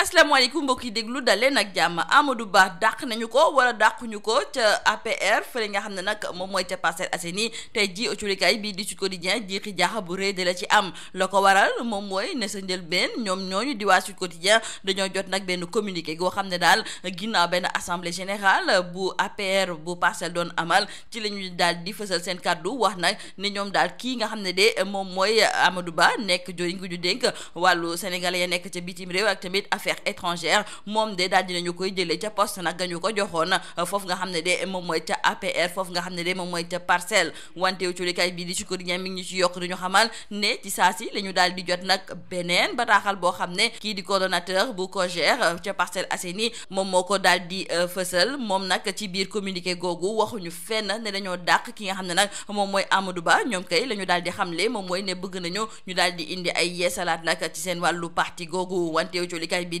asalaamaaleykum mbokk yi déglu daleen nag jàmm Amadou Ba dàq nañu ko wala dàquñu ko ca APR fële nga xam ne nag moom mooy ca Parcelles Assainies tey ji autorikaay bii di Sud Quotidien jiixi jaaxa bu rëy de la ci am la ko waral moom mooy ne sa benn ñoom ñooñu di waa Sud Quotidien dañoo jot nag benn communiqué goo xam ne daal ginnaaw benn assemblée général bu APR bu Parcelles doon amal ci la ñuy daal di fësal seen kàddu wax nag ni ñoom daal kii nga xam ne de moom mooy Amadou baax nekk joriñ gu ñu dénk wàllu sénégalais ya nekk ca bitim réew ak tamit affaire affaires étrangères moom de daal dinañu koy jëlee ca poste nag gañu ko joxoon euh, foofu nga xam ne de moom mooy ca APR foofu nga bii di ci quotidien mi ngi ñu ci yokk dañu xamal ne ci saa si la ñu jot nag beneen bataaxal boo xam ne kii di coordonnateur bu COJER euh, ca Parcelles Assainies moom moo ko daal euh, fësal moom nag ci biir communiqué googu waxuñu fenn ne dañoo dàq ki nga xam ne nag moom mooy Amadou Ba ñoom kay la ñu daal di xamle moom mooy ne bëgg nañu ñu daal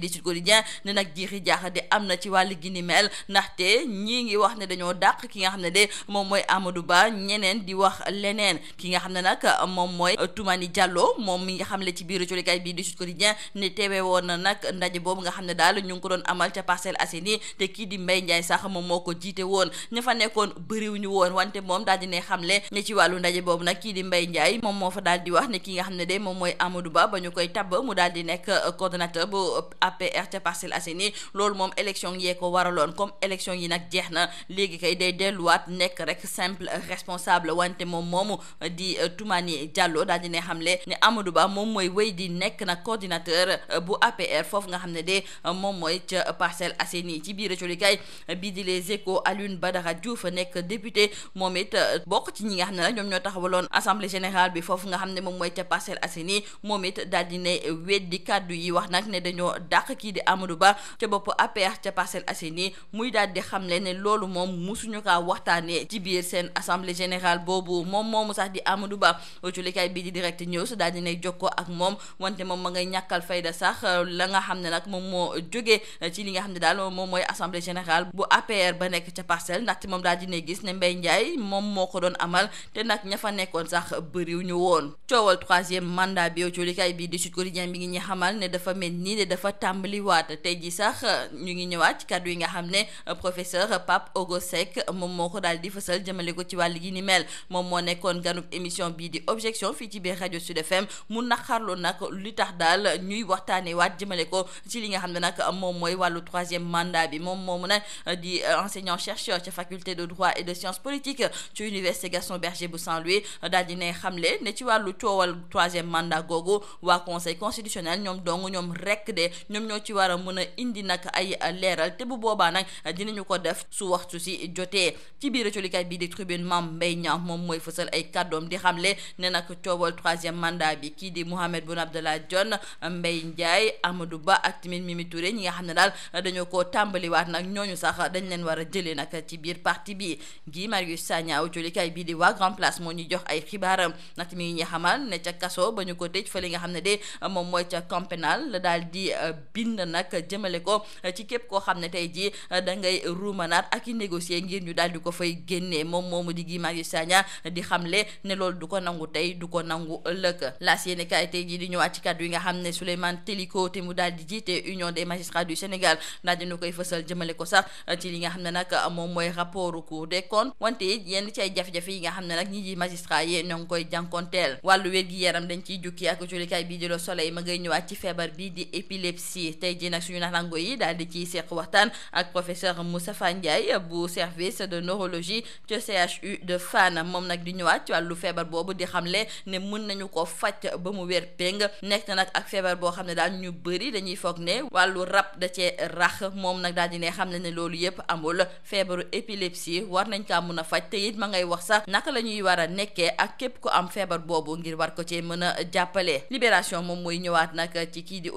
lii di Sud Quotidien ne nag jiixi jaaxa de am na ci wàllu gini mel ndaxte ñii ngi wax ne dañoo dàq ki nga xam ne de moom mooy Amadou Ba ñeneen di wax leneen ki nga xam ne nag moom mooy Toumani Diallo moom mi nga xam ne ci biir colikaay bii di Sud Quotidien ne teewe woon na nag ndaje boobu nga xam ne daal ñu ngi ko doon amal ca Parcelles Assainies te kii di Mbaye Ndiaye sax moo ko jiite woon ña fa nekkoon bëriwuñu woon wante moom daal di ne xamle ne ci wàllu ndaje boobu nag kii di Mbaye Ndiaye moom moo fa daal di wax ne ki nga xam ne de moom mooy Amadou Ba ba ñu koy tabb mu daal di nekk coordonnateur bu APR ca Parcelles Assainies loolu moom élection yee ko waraloon comme élection yi nag jeex na léegi kay day delluwaat nekk rek simple responsable wante moom moomu di euh, Toumani jàlloo daal di ne xamle ne Amadou Ba moom mooy wéy di nekk nag coordinateur euh, bu APR foofu nga xam ne de euh, moom mooy ca Parcelles Assainies ci biir colikay bii di les Échos Alioune Badara Diouf nekk député moom it bokk ci ñi nga xam ne ñoom ñoo taxawaloon assemblée générale bi foofu nga xam ne moom mooy ca Parcelles Assainies moom it daal di ne weddi kàddu yi wax nag ne dañoo dàq kii di Amadou baax ca bopp APR ca Parcelles nii muy daal di xamle ne loolu moom musuñu kaa waxtaanee ci biir seen assemblée générale boobu moom moomu sax di Amadou Ba culikaay bi di direct news daal di nay jokkoo ak moom wante moom ma ngay ñàkkal fayda sax la nga xam ne nag moom moo jóge ci li nga xam ne daal moom mooy assemblée général bu APR ba nekk ca Parcelles ndaxte moom daal ne gis ne Mbaye Ndiaye moom moo ko doon amal te nag ña fa nekkoon sax bëriw woon coowal troisième mandat bi culikaay bi di Sud Quotidien bi ngi ñu xamal ne dafa mel nii ne dafa tàmbaliwaat tey ji sax euh, ñu ngi ñëwaat ci kàddu yi nga xam ne euh, professeur pap Ogo sec moom moo ko daal di fësal jëmale ko ci wàll gi ni mel moom moo nekkoon ganub émission bii di objection fii ci biir rajo Sud FM na naqarlu nag li tax daal ñuy waxtaanee waat jëmale ko ci li nga xam ne nag moom mooy wàllu troisième mandat bi moom moomu a di enseignant chercheur ca faculté de droit et de sciences politiques ci université Gaston Berger bu Saint-Louis daal di ne xamle ci wàllu coowal troisième mandat googu waa conseil constitutionnel ñoom dong ñoom rek ñoom ñoo ci war a mën a indi nag ay leeral te bu boobaa nag dinañu ko def su wax waxtu si jotee ci biir colikaay bi di tribune Mame Mbaye Niang moom mooy fësal ay kàddoom di xamle ne nag coowal troisième mandat bi kii di Mahammed Boun Abdallah Dionne Mbaye Ndiaye Amadou Ba ak tamit Mimi Touré ñi nga xam ne daal dañoo koo tàmbaliwaat nag ñooñu sax dañ leen war a jëlee nag ci biir parti bi Guy Marius Sagna colikaay bii di waa Grand Place moo ñu jox ay xibaaram nag mi ngi xamal ne ca kaso ba ñu ko tëj fa li nga xam ne de moom mooy ca camp pénal la daal di euh, bind nag jëmale ko ci képp koo xam ne tey jii da ngay ruumanaat ak i négocier ngir ñu daal di ko fay génne moom moomu di Guy Marius Sagna di xamle ne loolu du ko nangu tey du ko nangu ëllëg laas yéeni kaay tey jii di ñëwaat ci kàddu yi nga xam ne Souleymane Téliko te mu daal di jiite Union des magistrats du Sénégal daal dina koy fësal jëmale ko sax ci li nga xam ne nag moom mooy rapport Cour des comptes wante it yenn ci ay jafe-jafe yi nga xam ne nag ñi di magistrat yi ñoo ngi koy jànkonteel wàllu wér gi yaram dañ ciy jukki ak julikaay bii di Le Soleil ma ngay ñëwaat ci feebar bi di épilepsie si tey jii nag suñu naataango yi daal di ciy seq waxtaan ak professeur Moustapha Ndiaye bu service de neurologie ca CHU de Fann moom nag di ñëwaat ci wàllu feebar boobu di xamle ne mën nañu ko faj ba mu wér péng nekk nag ak feebar boo xam ne daal ñu bëri dañuy foog ne wàllu rab da cee rax moom nag daal di ne xam ne ne loolu yëpp amul feebaru épilepsie war nañ kaa mun a faj te it ma ngay wax sax naka la ñuy war a nekkee ak képp ku am feebar boobu ngir war ko cee mën jàppale Libération moom mooy ñëwaat nag ci kii di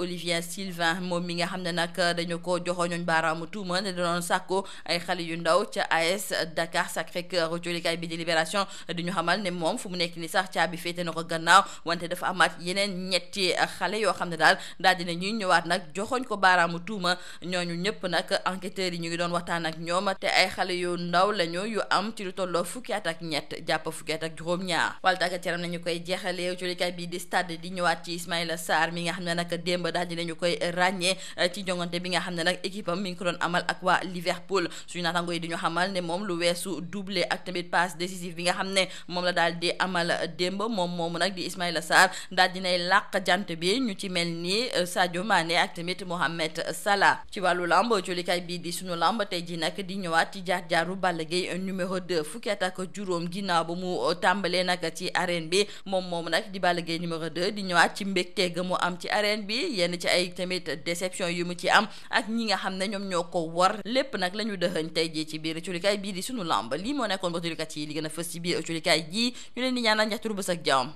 Martin moom mi nga xam ne nag dañu ko joxoñoñ baaraamu tuuma ne da doon sàkku ay xale yu ndaw ca AS Dakar di ñu xamal ne moom fu mu nekk ni sax caabi féete na ko gannaaw wante dafa amaat yeneen ñetti xale yoo xam ne daal daal dina ñuy ñëwaat nag joxoñ ko baaraamu tuuma ñooñu ñëpp nag enquêteurs yi ñu ngi doon waxtaan ak ñoom te ay xale yu ndaw lañu yu am ci lu tolloo fukki at ak ñett jàpp fukki at ak juróom-ñaar wala tàggat yaram nañu mi nga xam ne nag démb daal dinañu koy ràññee eh, ci jongante bi nga xam ne nag équipe mi ngi ko doon amal ak waa Liverpool suñu naataango yi di ñu xamal ne moom lu weesu doublé ak tamit passe décisive bi nga xam ne moom la daal di amal eh, démb moom moomu nag di Ismaïla Sarr daal dinay làq jant bi ñu ci mel ni eh, Sadio Mané ak tamit Mohamed Salah ci wàllu lamb jolikaay bii di suñu lamb tey ji nag di ñëwaat ci jaar jaaru Balla Gaye numéro 2 fukki at ak juróom ginnaaw ba mu tàmbalee nag ci arène bi moom moomu nag di Balla Gaye numéro 2 di ñëwaat ci mbégte ga ci arène bi tamit déception yu mu ci am ak ñi nga xam ne ñoom ñoo ko war lépp nag la ñu tey jii ci biir culikaay bii di sunu làmb lii moo nekkoon ba yi li gën a fës ci biir culikaay jii ñu leen di ñaanal njaxturu bës ak jawam